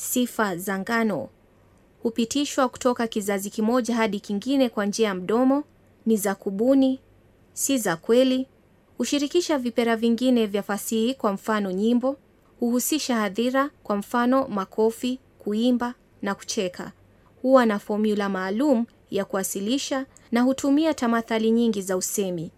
sifa za ngano hupitishwa kutoka kizazi kimoja hadi kingine kwa njia ya mdomo, ni za kubuni, si za kweli, hushirikisha vipera vingine vya fasihi, kwa mfano nyimbo, huhusisha hadhira, kwa mfano makofi, kuimba na kucheka, huwa na fomula maalum ya kuwasilisha na hutumia tamathali nyingi za usemi.